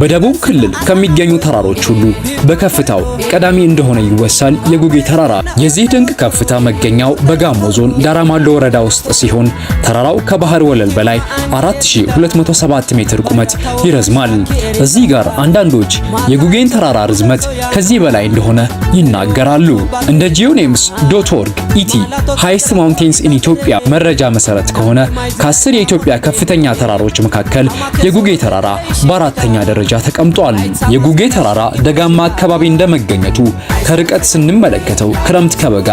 በደቡብ ክልል ከሚገኙ ተራሮች ሁሉ በከፍታው ቀዳሚ እንደሆነ ይወሳል የጉጌ ተራራ። የዚህ ድንቅ ከፍታ መገኛው በጋሞ ዞን ዳራማሎ ወረዳ ውስጥ ሲሆን ተራራው ከባህር ወለል በላይ 4207 ሜትር ቁመት ይረዝማል። እዚህ ጋር አንዳንዶች የጉጌን ተራራ ርዝመት ከዚህ በላይ እንደሆነ ይናገራሉ። እንደ ጂኦኔምስ ዶት ኦርግ ኢቲ ሃይስት ማውንቴንስ ኢን ኢትዮጵያ መረጃ መሰረት ከሆነ ከአስር የኢትዮጵያ ከፍተኛ ተራሮች መካከል የጉጌ ተራራ በአራተኛ ደረጃ ተቀምጧል። የጉጌ ተራራ ደጋማ አካባቢ እንደመገኘቱ ከርቀት ስንመለከተው ክረምት ከበጋ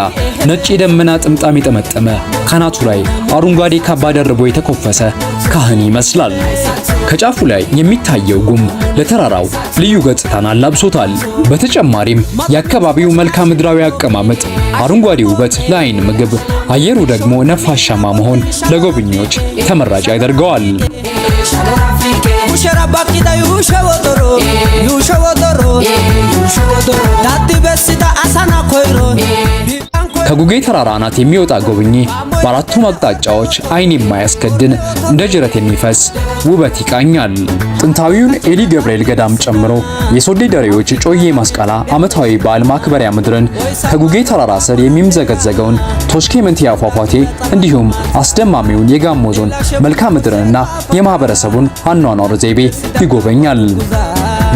ነጭ የደመና ጥምጣም የጠመጠመ ካናቱ ላይ አረንጓዴ ካባ ደርቦ የተኮፈሰ ካህን ይመስላል። ከጫፉ ላይ የሚታየው ጉም ለተራራው ልዩ ገጽታን አላብሶታል። በተጨማሪም የአካባቢው መልክዓ ምድራዊ አቀማመጥ አረንጓዴ ውበት ለአይን ምግብ፣ አየሩ ደግሞ ነፋሻማ መሆን ለጎብኚዎች ተመራጭ ያደርገዋል። ከጉጌ ተራራ አናት የሚወጣ ጎብኚ በአራቱም አቅጣጫዎች አይን የማያስከድን እንደ ጅረት የሚፈስ ውበት ይቃኛል። ጥንታዊውን ኤሊ ገብርኤል ገዳም ጨምሮ የሶዴ ደሬዎች ጮዬ ማስቃላ ዓመታዊ በዓል ማክበሪያ ምድርን ከጉጌ ተራራ ስር የሚምዘገዘገውን ቶሽኬ መንትያ ፏፏቴ እንዲሁም አስደማሚውን የጋሞ ዞን መልክዓ ምድርንና የማህበረሰቡን አኗኗር ዘይቤ ይጎበኛል።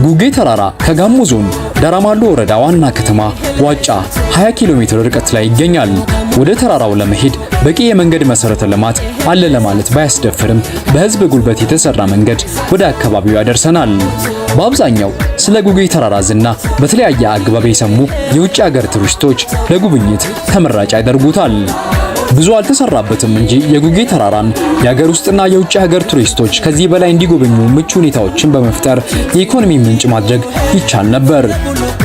ጉጌ ተራራ ከጋሞ ዞን ዳራማሎ ወረዳ ዋና ከተማ ዋጫ 20 ኪሎ ሜትር ርቀት ላይ ይገኛል። ወደ ተራራው ለመሄድ በቂ የመንገድ መሰረተ ልማት አለ ለማለት ባያስደፍርም በህዝብ ጉልበት የተሰራ መንገድ ወደ አካባቢው ያደርሰናል። በአብዛኛው ስለ ጉጉይ ተራራ ዝና በተለያየ አግባብ የሰሙ የውጭ ሀገር ቱሪስቶች ለጉብኝት ተመራጭ ያደርጉታል። ብዙ አልተሰራበትም እንጂ የጉጌ ተራራን የሀገር ውስጥና የውጭ ሀገር ቱሪስቶች ከዚህ በላይ እንዲጎበኙ ምቹ ሁኔታዎችን በመፍጠር የኢኮኖሚ ምንጭ ማድረግ ይቻል ነበር።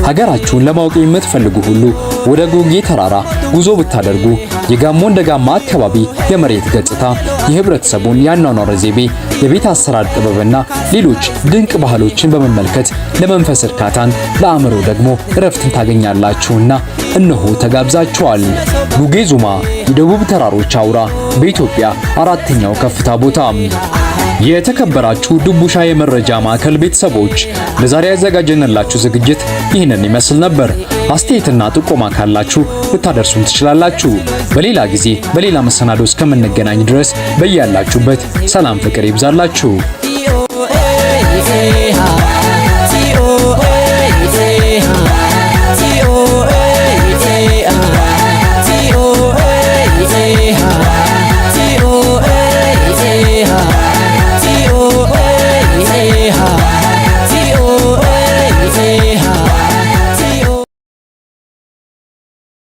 ሀገራችሁን ለማወቅ የምትፈልጉ ሁሉ ወደ ጉጌ ተራራ ጉዞ ብታደርጉ የጋሞን ደጋማ አካባቢ የመሬት ገጽታ፣ የህብረተሰቡን የአኗኗረ ዘይቤ፣ የቤት አሰራር ጥበብና ሌሎች ድንቅ ባህሎችን በመመልከት ለመንፈስ እርካታን ለአእምሮ ደግሞ እረፍትን ታገኛላችሁና እነሆ ተጋብዛችኋል። ጉጌ ዙማ የደቡብ ተራሮች አውራ በኢትዮጵያ አራተኛው ከፍታ ቦታ። የተከበራችሁ ድቡሻ የመረጃ ማዕከል ቤተሰቦች ለዛሬ ያዘጋጀንላችሁ ዝግጅት ይህንን ይመስል ነበር። አስተያየትና ጥቆማ ካላችሁ ልታደርሱን ትችላላችሁ። በሌላ ጊዜ በሌላ መሰናዶ እስከምንገናኝ ድረስ በያላችሁበት ሰላም፣ ፍቅር ይብዛላችሁ።